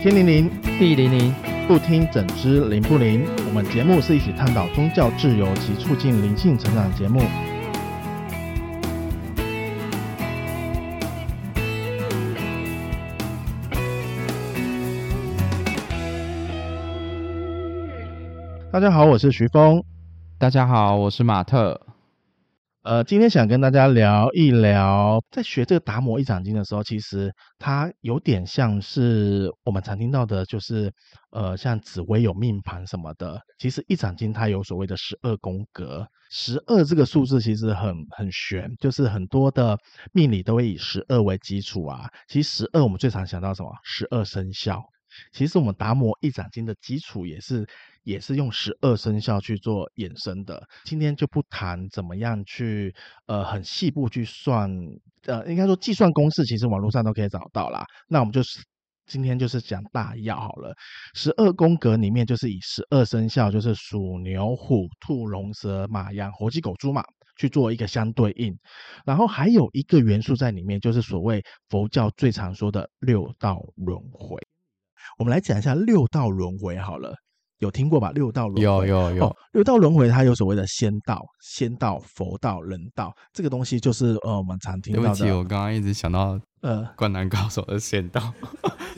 天靈靈，地靈靈，不聽整只靈不靈？我們節目是一起探討宗教自由、及促進靈性成長節目。大家好，我是徐峰。大家好，我是馬特。呃，今天想跟大家聊一聊，在學這個《達摩一掌經》的時候，其實它有點像是我們常聽到的，就是呃，像紫微有命盤什麼的。其實《一掌經》它有所謂的十二宮格，十二這個數字其實很很玄，就是很多的命理都會以十二為基礎啊。其實十二我們最常想到什麼？十二生肖。其實我們《達摩一掌經》的基礎也是。也是用十二生肖去做衍生的，今天就不談怎麼樣去呃很細部去算。呃應該說計算公式其實網絡上都可以找到啦，那我們就是今天就是講大要好了，十二宮格裡面就是以十二生肖就是鼠、牛、虎、兔、龍、蛇、馬、羊、猴、雞、狗、豬嘛去做一個相對應，然後還有一個元素在裡面，就是所謂佛教最常說的六道輪迴。我們來講一下六道輪迴好了。有聽過吧？六道輪迴，有有有、哦。六道輪迴，它有所謂的仙道、仙道、佛道、人道，這個東西就是呃，我們常聽到的。對不起，我剛剛一直想到，呃，《灌籃高手》的仙道，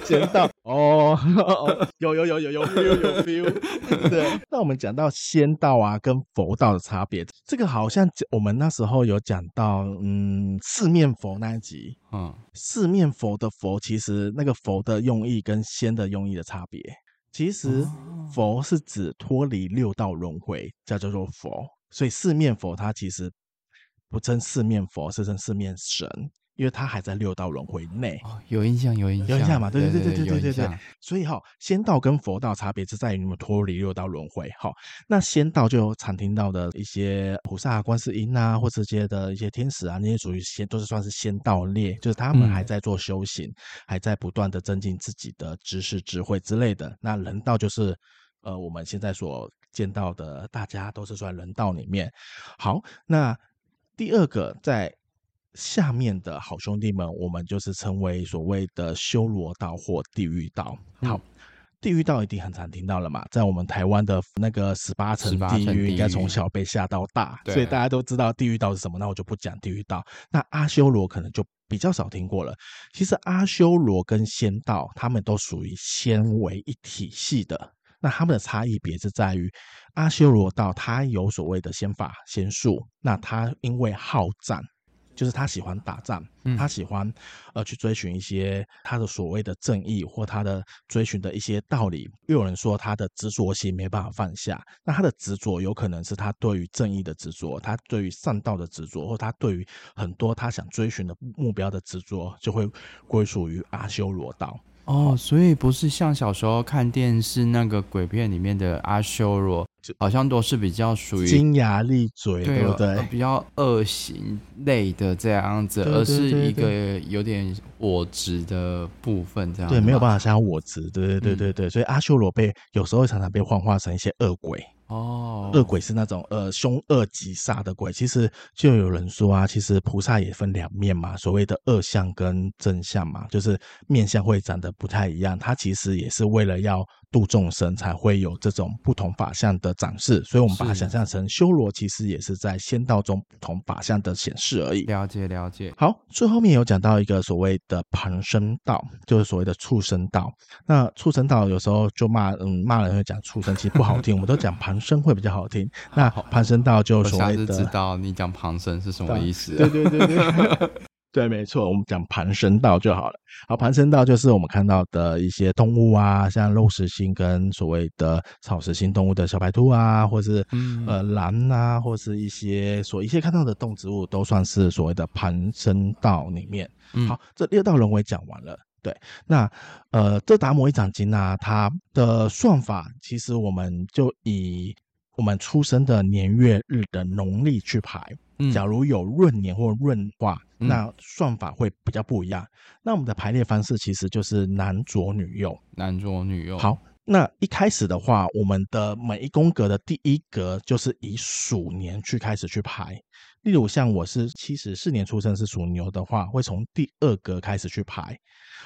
仙道 哦，哦，哦，有有有有有有 feel 有 feel 對，那我們講到仙道啊，跟佛道的差別，這個好像我們那時候有講到，嗯，四面佛那一集，嗯，四面佛的佛，其實那個佛的用意跟仙的用意的差別。其實佛是指脫離六道輪迴，才叫做佛。所以四面佛它其實不稱四面佛，是稱四面神。因為他還在六道輪回內，有印象，有印象，有印象嘛，象對對對對對對對，對，對所以哈、哦，仙道跟佛道差別是在於有沒有脫離六道輪回。好、哦，那仙道就常聽到的一些菩薩、觀世音啊，或這些的一些天使啊，那些屬於仙，都是算是仙道列，就是他們還在做修行，嗯、還在不斷的增進自己的知識、智慧之類的。那人道就是，呃，我們現在所見到的，大家都是算人道裡面。好，那第二個在。下面的好兄弟們，我們就是稱為所謂的修羅道或地獄道。好，地獄道一定很常聽到了嘛，在我們台灣的那個十八層地獄，應該從小被嚇到大，所以大家都知道地獄道是什麼。那我就不講地獄道。那阿修羅可能就比較少聽過了。其實阿修羅跟仙道，他們都屬於仙為一體系的。那他們的差異別是在於阿修羅道，他有所謂的仙法仙術，那他因為好戰。就是他喜歡打仗，嗯，他喜歡呃去追尋一些他的所謂的正義或他的追尋的一些道理。又有人說他的執着心沒辦法放下，那他的執着有可能是他對於正義的執着他對於善道的執着或他對於很多他想追尋的目標的執着就會歸屬於阿修羅道。哦，所以不是像小時候看電視那個鬼片裡面的阿修羅。就好像都是比較屬於尖牙利嘴，對了，對不對？比較惡行類的這樣子，對對對對對，而是一個有點我執的部分這樣子。對，沒有辦法像我執，對對對對對。嗯，所以阿修羅被有時候常常被幻化成一些惡鬼哦，惡鬼是那種呃兇惡極煞的鬼。其實就有人說啊，其實菩薩也分兩面嘛，所謂的惡相跟正相嘛，就是面相會長得不太一樣。他其實也是為了要。.度眾生才會有這種不同法相的展示，所以我們把它想象成修羅，其實也是在仙道中不同法相的顯示而已。了解，了解。好，最後面有講到一個所謂的旁生道，就是所謂的畜生道。那畜生道有時候就罵，嗯，罵人會講畜生，其實不好聽，我們都講旁生會比較好聽。 那旁生道就所謂的我的知道你講旁生是什麼意思啊？ 對對對對，對。 對，沒錯，我們講旁牲道就好了。好，旁牲道就是我們看到的一些動物啊，像肉食性跟所謂的草食性動物的小白兔啊，或是、嗯、呃狼啊，或是一些所一切看到的動植物，都算是所謂的旁牲道裡面。嗯、好，這六道輪迴講完了。對，那呃，這達摩一掌經呢、啊，它的算法其實我們就以我們出生的年月日的農曆去排。假如有閏年或閏化，嗯、那算法會比較不一樣。嗯、那我們的排列方式其實就是男左女右，男左女右。好，那一開始的話，我們的每一宮格的第一格就是以鼠年去開始去排。例如像我是七十四年出生是屬牛的話，會從第二格開始去排。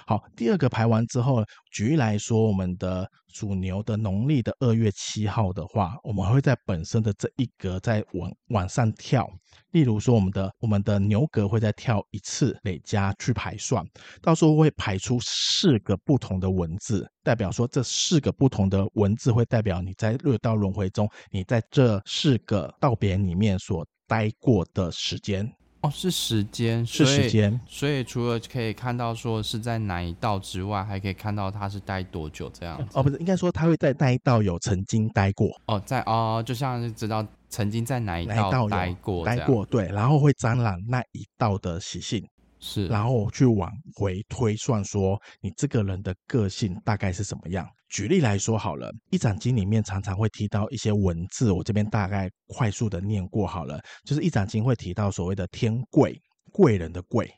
好，第二格排完之後，舉例來說，我們的屬牛的農曆的二月七號的話，我們會在本身的這一格再往往上跳。例如說，我們的我們的牛格會再跳一次累加去排算，到時候會排出四個不同的文字，代表說這四個不同的文字會代表你在六道輪迴中，你在這四個道別裡面所。待過的時間哦，是時間，是時間，所以除了可以看到說是在哪一道之外，還可以看到他是待多久這樣。哦，不是，應該說他會在哪一道有曾經待過。哦，在哦，就像是知道曾經在哪一道待過，待過對，然後會沾染那一道的習性是，然後去往回推算說你這個人的個性大概是什麼樣。舉例來說好了，《一掌經》裡面常常會提到一些文字，我這邊大概快速的念過好了。就是《一掌經》會提到所謂的“天貴貴人”的“貴”，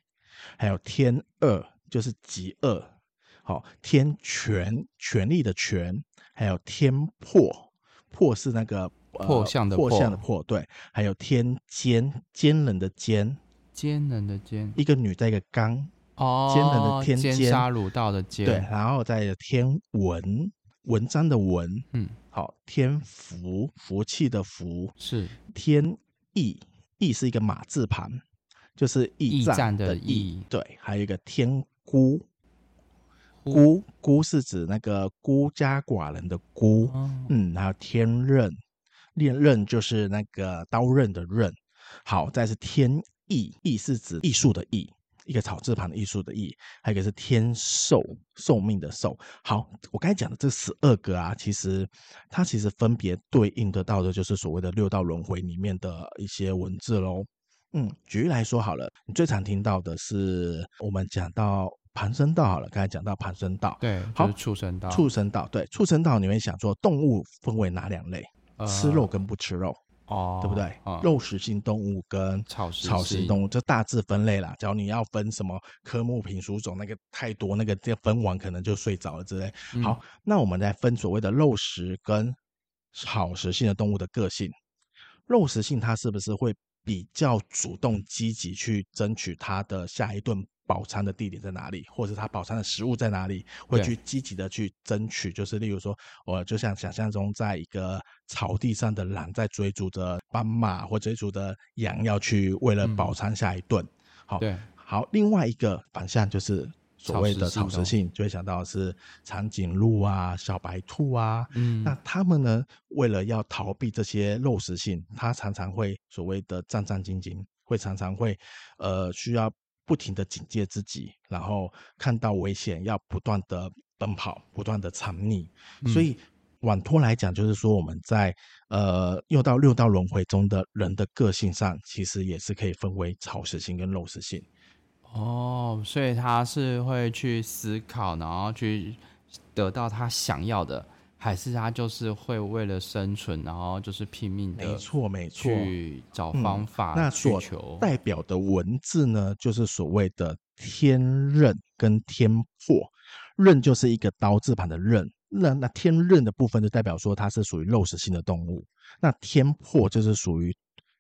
還有“天惡”就是“極惡”，好、哦，“天權權力”的“權”，還有天破“天破破”是那個“破、呃、相”破相的破“破”，對，還有天奸“天奸，奸人的奸”的“奸，奸人”的“奸，一個女帶一個剛。哦，的天奸，殺戮道的奸，對，然後再有天文文章的文，嗯，好，天福福氣的福，是天驛，驛是一個馬字旁，就是驛站的驛，的對，還有一個天孤烏孤孤是指那個孤家寡人的孤，哦、嗯，然後天刃刃就是那個刀刃的刃，好，再是天藝，藝是指藝術的藝。一個草字旁的藝術的藝，還有一個是天壽壽命的壽。好，我剛才講的這十二個啊，其實它其實分別對應得到的就是所謂的六道輪回裡面的一些文字嘍。嗯，舉例來說好了，你最常聽到的是我們講到旁生道好了，剛才講到旁生道，對，好、就是，畜生道、畜生道、對，畜生道，你會想說，動物分為哪兩類？呃、吃肉跟不吃肉。哦，對不對？哦、肉食性動物跟草食性草食動物就大致分類啦。只要你要分什麼科目、品屬、種，那個太多，那個分完可能就睡着了之類。好，嗯、那我們再分所謂的肉食跟草食性的動物的個性。肉食性它是不是會比較主動、積極去爭取它的下一頓？飽餐的地點在哪裡，或者他飽餐的食物在哪裡，會去積極的去爭取。對就是例如說，我、呃、就像想象中，在一個草地上的狼在追逐着斑馬或追逐的羊，要去為了飽餐下一頓。嗯、好，對好。另外一個反向就是所謂的草食性，食性就會想到是長頸鹿啊、小白兔啊。嗯、那他們呢，為了要逃避這些肉食性，它常常會所謂的戰戰兢兢，會常常會呃需要。不停的警戒自己，然後看到危險要不斷的奔跑，不斷的藏匿。嗯。所以，往托來講，就是說我們在呃，又到六道輪迴中的人的個性上，其實也是可以分為草食性跟肉食性。哦，所以他是會去思考，然後去得到他想要的。還是他就是會為了生存，然後就是拼命的，沒錯沒錯，去找方法。嗯。那所代表的文字呢，就是所謂的天刃跟天破。刃就是一個刀字旁的刃，那那天刃的部分就代表說它是屬於肉食性的動物。那天破就是屬於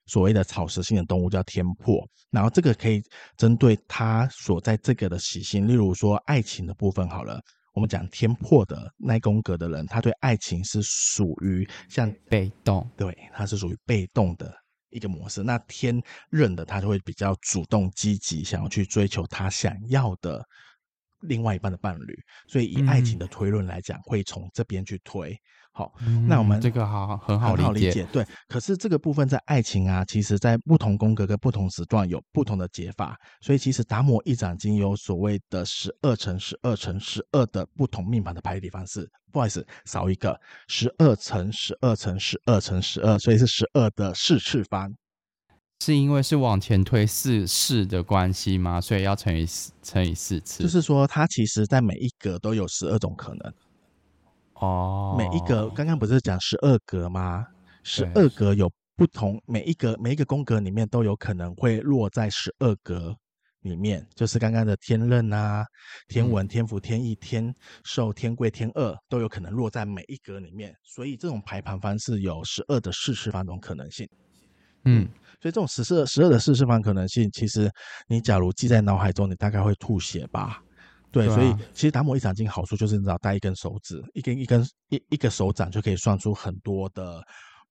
所謂的草食性的動物，叫天破。然後這個可以針對它所在這個的習性，例如說愛情的部分好了。我們講天破的那一宮格的人，他對愛情是屬於像被動，對，他是屬於被動的一個模式。那天任的他就會比較主動積極，想要去追求他想要的另外一半的伴侶。所以以愛情的推論來講，嗯、會從這邊去推。好，嗯，那我們好這個好，很好理解。對，可是這個部分在愛情啊，其實在不同宮格跟不同時段有不同的解法。所以其實達摩一掌經有所謂的十二乘十二乘十二的不同命盤的排列方式。不好意思，少一個，十二乘十二乘十二乘十二，所以是十二的四次方。是因為是往前推四次的關係嗎？所以要乘以四，乘以四次。就是說，它其實在每一格都有十二種可能。哦，每一格剛剛不是講十二格嗎？十二格有不同每個，每一格每一個宮格裡面都有可能會落在十二格裡面，就是剛剛的天刃啊、天文、天福、天意、天壽、天貴、天厄都有可能落在每一格裡面，所以這種排盤方式有十二的四次方種可能性。嗯，所以這種十四十二的四次方可能性，其實你假如記在腦海中，你大概會吐血吧。對，所以其實達摩一掌經好處就是你知道，帶一根手指，一根一根一一個手掌就可以算出很多的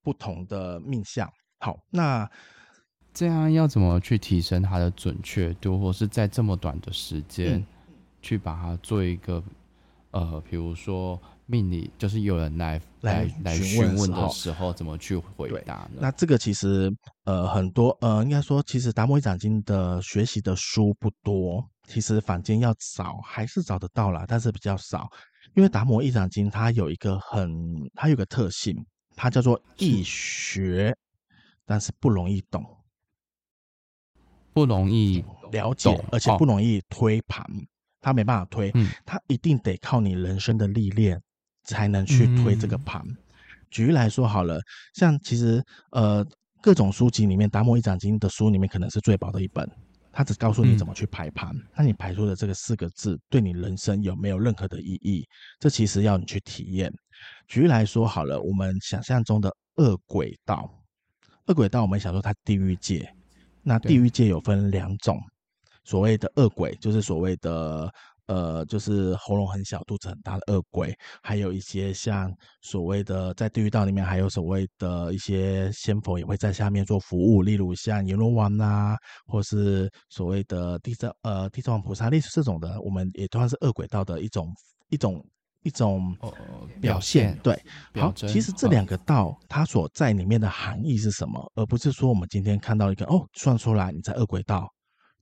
不同的命相。好，那這樣要怎麼去提升它的準確度，或是在這麼短的時間去把它做一個、嗯、呃，比如說命理，就是有人來來來詢問的時候，時候怎麼去回答呢？那這個其實呃很多呃，應該說其實達摩一掌經的學習的書不多。其實坊間，要找還是找得到了，但是比較少，因為《達摩一掌經》它有一個很，它有個特性，它叫做易學，是但是不容易懂，不容易了解，懂而且不容易推盤，哦、它沒辦法推，嗯、它一定得靠你人生的歷練才能去推這個盤。嗯、舉例來說好了，像其實呃各種書籍裡面，《達摩一掌經》的書裡面可能是最薄的一本。他只告訴你怎麼去排盤，嗯、那你排出的這個四個字對你人生有沒有任何的意義？這其實要你去體驗。舉例來說，好了，我們想象中的惡鬼道，惡鬼道我們想說它地獄界，那地獄界有分兩種，對所謂的惡鬼就是所謂的。呃，就是喉嚨很小、肚子很大的惡鬼，還有一些像所謂的在地獄道裡面，還有所謂的一些仙佛也會在下面做服務，例如像閻羅王吶、啊，或是所謂的地藏、呃地藏王菩薩類似這種的，我們也算是惡鬼道的一種一種一種表現。哦呃、表現對，現對好，現其實這兩個道、嗯、它所在裡面的含義是什麼，而不是說我們今天看到一個哦，算出來你在惡鬼道。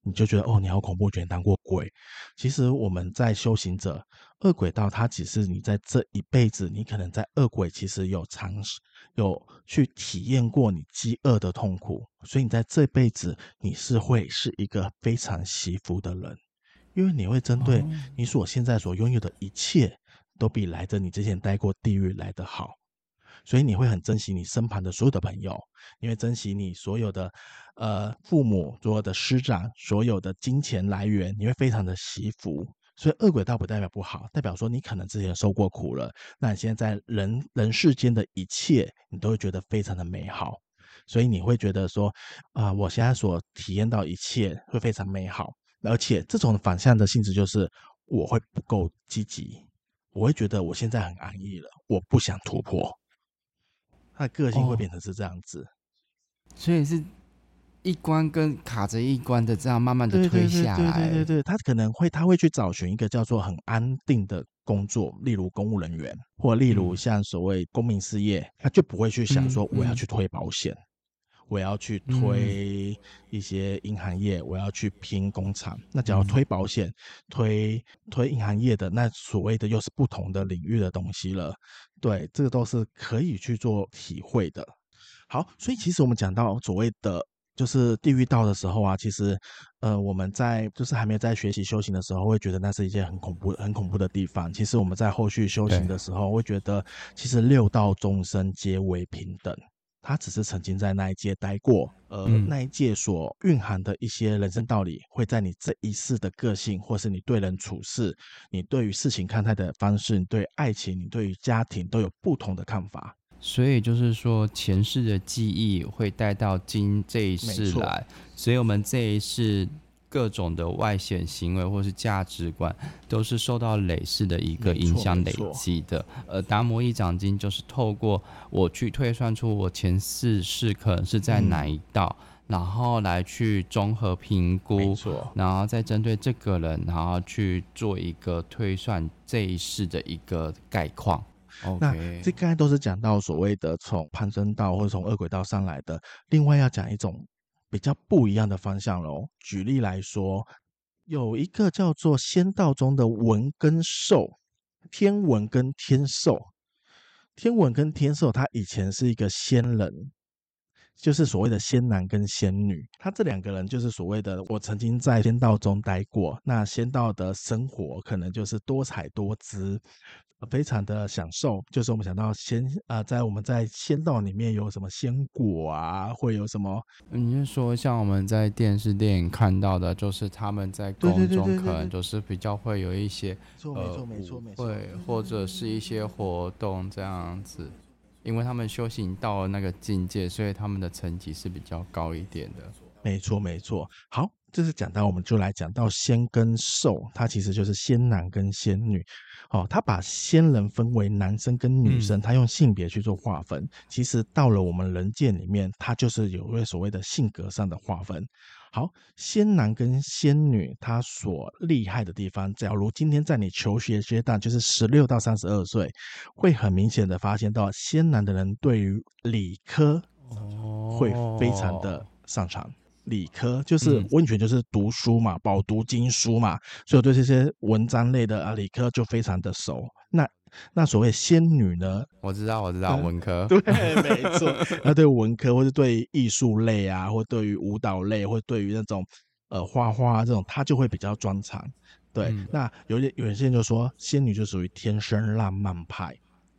你就覺得哦，你好恐怖，居然當過鬼。其實我們在修行者惡鬼道，它只是你在這一輩子，你可能在惡鬼其實有嘗試，有去體驗過你飢餓的痛苦，所以你在這輩子你是會是一個非常惜福的人，因為你會針對你所現在所擁有的一切，都比來着你之前待過地獄來得好。所以你會很珍惜你身旁的所有的朋友，你會珍惜你所有的，呃，父母所有的師長，所有的金錢來源，你會非常的惜福。所以惡鬼道不代表不好，代表說你可能之前受過苦了，那你現在，在人人世間的一切，你都會覺得非常的美好。所以你會覺得說，啊、呃，我現在所體驗到一切會非常美好，而且這種反向的性質就是我會不夠積極，我會覺得我現在很安逸了，我不想突破。他的個性會變成是這樣子，哦、所以是一關跟卡着一關的這樣慢慢的推下來。對對對，對對對，他可能會他會去找尋一個叫做很安定的工作，例如公務人員，或例如像所謂公民事業，嗯、他就不會去想說我要去推保險。嗯嗯我要去推一些銀行業，嗯、我要去拼工廠。那假如推保險、嗯、推推銀行業的，的那所謂的又是不同的領域的東西了。對，這個都是可以去做體會的。好，所以其實我們講到所謂的就是地獄道的時候啊，其實呃我們在就是還沒有在學習修行的時候，會覺得那是一件很恐怖、很恐怖的地方。其實我們在後續修行的時候，對會覺得其實六道眾生皆為平等。他只是曾經在那一屆待過，而那一屆所蘊含的一些人生道理，會在你這一世的個性、或是你對人處事，你對於事情看待的方式，你對愛情，你對於家庭都有不同的看法。所以就是說，前世的記憶會帶到今這一世來，沒錯。所以我們這一世。各種的外顯行為或是價值觀，都是受到累世的一個影響累積的。而，達摩一掌經就是透過我去推算出我前四世可能是在哪一道，嗯、然後來去綜合評估，錯然後再針對這個人，然後去做一個推算這一世的一個概況。那這剛 Okay 才都是講到所謂的從旁生道或者從惡鬼道上來的，另外要講一種。比較不一樣的方向嘍。舉例來說，有一個叫做仙道中的文跟壽，天文跟天壽，天文跟天壽，天天他以前是一個仙人，就是所謂的仙男跟仙女。他這兩個人就是所謂的，我曾經在仙道中待過。那仙道的生活可能就是多彩多姿。非常的享受，就是我們想到仙啊、呃，在我們在仙道裡面有什麼仙果啊，會有什麼？你是說像我們在電視電影看到的，就是他們在空中可能就是比較會有一些沒錯呃沒錯會或者是一些活動這樣子，因為他們修行到了那個境界，所以他們的層級是比較高一點的。沒錯，沒錯。好。這次講到，我們就來講到仙跟獸，它其實就是仙男跟仙女。哦，他把仙人分為男生跟女生，他、嗯、用性別去做劃分。其實到了我們人界裡面，它就是有位所謂的性格上的劃分。好，仙男跟仙女，他所厲害的地方，假如今天在你求學階段，就是十六到三十二歲，會很明顯的發現到仙男的人對於理科會非常的擅長。哦理科就是完全就是讀書嘛，飽讀經書嘛，所以我對這些文章類的啊，理科就非常的熟。那那所謂仙女呢？我知道，我知道，文科、嗯。對，沒錯。 那對文科或者對藝術類啊，或對於舞蹈類，或對於那種呃畫畫、啊、這種，他就會比較專長。對，嗯、那有些有些人就說仙女就屬於天生浪漫派。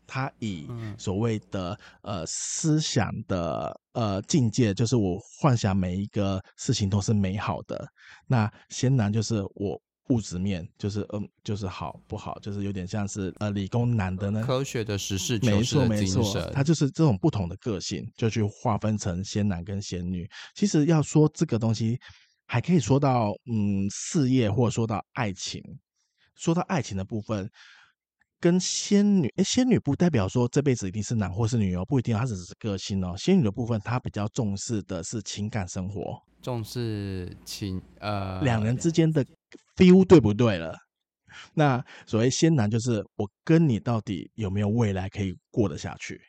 他以所謂的、嗯、呃思想的呃境界，就是我幻想每一個事情都是美好的。那仙男就是我物質面，就是嗯，就是好不好，就是有點像是呃理工男的呢，科學的實事求是的精神。沒錯，沒錯，他就是這種不同的個性，就去劃分成仙男跟仙女。其實要說這個東西，還可以說到嗯事業，或說到愛情。說到愛情的部分。跟仙女，誒、欸，仙女不代表說這輩子一定是男或是女哦，不一定，她只是個性哦。仙女的部分，她比較重視的是情感生活，重視情，呃，兩人之間的 feel 對不對了？那所謂仙男，就是我跟你到底有沒有未來可以過得下去？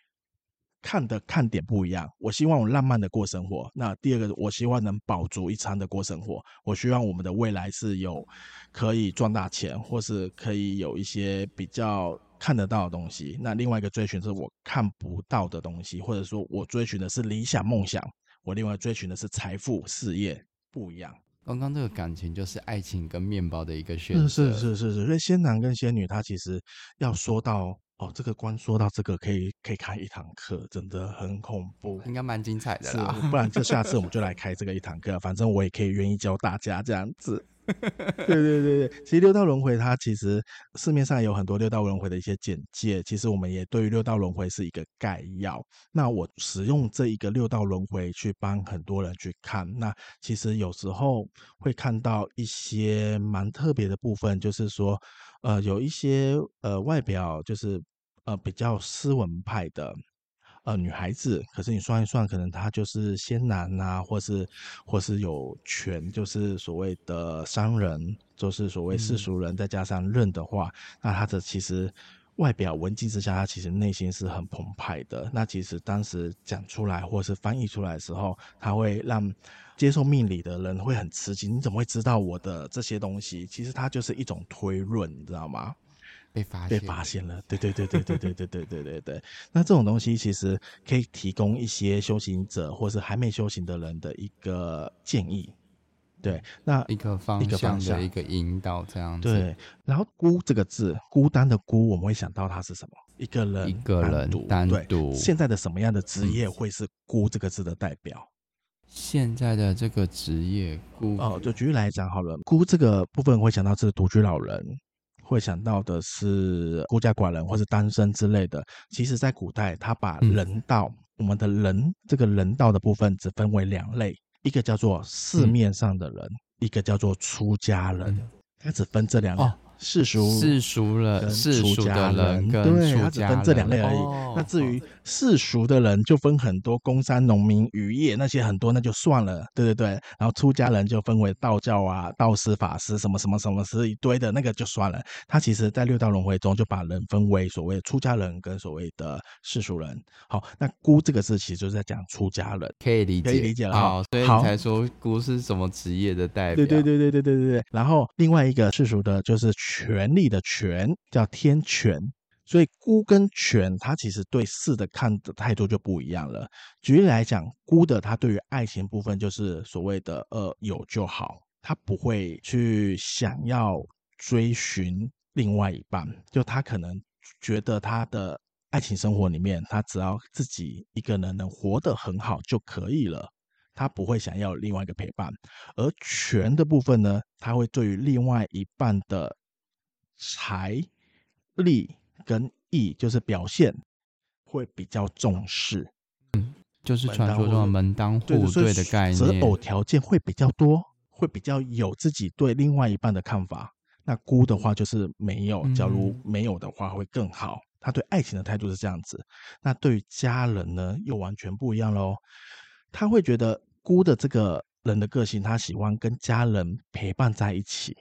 看的看點不一樣。我希望我浪漫的過生活。那第二個，我希望能飽足一餐的過生活。我希望我們的未來是有可以賺大錢，或是可以有一些比較看得到的東西。那另外一個追尋是我看不到的東西，或者說我追尋的是理想夢想。我另外追尋的是財富事業，不一樣。剛剛這個感情就是愛情跟面包的一個選擇，是是是是。所以仙男跟仙女，他其實要說到、嗯。哦，這個光說到這個，可以可以開一堂課，真的很恐怖，應該蠻精彩的，是啊，不然就下次我們就來開這個一堂課， 反正我也可以願意教大家這樣子。對 對對對，其實六道輪迴它其實市面上有很多六道輪迴的一些簡介，其實我們也對於六道輪迴是一個概要。那我使用這一個六道輪迴去幫很多人去看，那其實有時候會看到一些蠻特別的部分，就是說，呃，有一些呃外表就是呃比較斯文派的。呃，女孩子，可是你算一算，可能她就是先男啊，或是或是有權，就是所謂的商人，就是所謂世俗人，再加上論的話，嗯、那她的其實外表文靜之下，她其實內心是很澎湃的。那其實當時講出來，或是翻譯出來的時候，他會讓接受命理的人會很吃驚。你怎麼會知道我的這些東西？其實它就是一種推論，你知道嗎？被發現被發現了，對對對對對對對對對對對。 那這種東西其實可以提供一些修行者或是還沒修行的人的一個建議，對，那一個方向的一個引導這樣子。對，然後“孤”這個字，“孤單”的“孤”，我們會想到它是什麼？一個人，一個人，單獨。現在的什麼樣的職業會是“孤”這個字的代表？嗯、現在的這個職業“孤”，哦，就舉例來講好了，“孤”這個部分會想到是獨居老人。會想到的是孤家寡人或是單身之類的。其實，在古代，他把人道，嗯、我們的人這個人道的部分，只分為兩類：一個叫做市面上的人，嗯、一個叫做出家人，嗯、他只分這兩種。哦。世俗世俗了，世俗的人跟出家人，他對只分這兩類而已。哦、那至於世俗的人，就分很多工山、商、農民、漁業那些很多，那就算了。對對對，然後出家人就分為道教啊、道士、法師什麼什麼什麼是一堆的那個就算了。他其實，在六道輪回中就把人分為所謂出家人跟所謂的世俗人。好，那“孤”這個字其實就是在講出家人，可以理可以理解。好、哦，所以才說“孤好”是什麼職業的代表。對對對對對對對對。然後另外一個世俗的就是。權力的權，叫天權，所以孤跟權，他其實對事的看的態度就不一樣了。舉例來講，孤的他對於愛情部分就是所謂的呃有就好，他不會去想要追尋另外一半，就他可能覺得他的愛情生活裡面，他只要自己一個人能活得很好就可以了，他不會想要另外一個陪伴。而權的部分呢，他會對於另外一半的財力跟意就是表現會比較重視，嗯，就是傳說中門當戶對的概念，擇偶條件會比較多，會比較有自己對另外一半的看法。那孤的話就是沒有，假如沒有的話會更好。嗯，他對愛情的態度是這樣子，那對家人呢，又完全不一樣嘍。他會覺得，孤的這個人的個性，他喜歡跟家人陪伴在一起。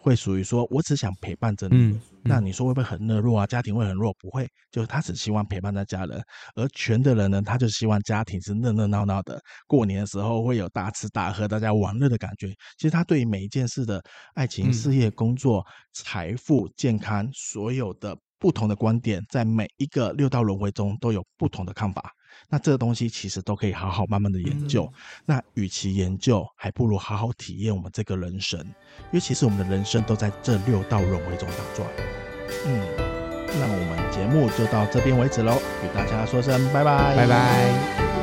會屬於說，我只想陪伴着你。那、嗯嗯、你說會不會很懦弱啊？家庭會很弱？不會，就是他只希望陪伴在家人。而全的人呢，他就希望家庭是熱熱鬧鬧的。過年的時候會有大吃大喝、大家玩樂的感覺。其實他對於每一件事的愛情、事業、工作、財富、健康，所有的不同的觀點，在每一個六道輪迴中都有不同的看法。那這個東西其實都可以好好慢慢的研究。嗯，那與其研究，還不如好好體驗我們這個人生，因為其實我們的人生都在這六道輪迴中打轉。嗯，那我們節目就到這邊為止嘍，與大家說聲拜拜，拜拜。Bye bye。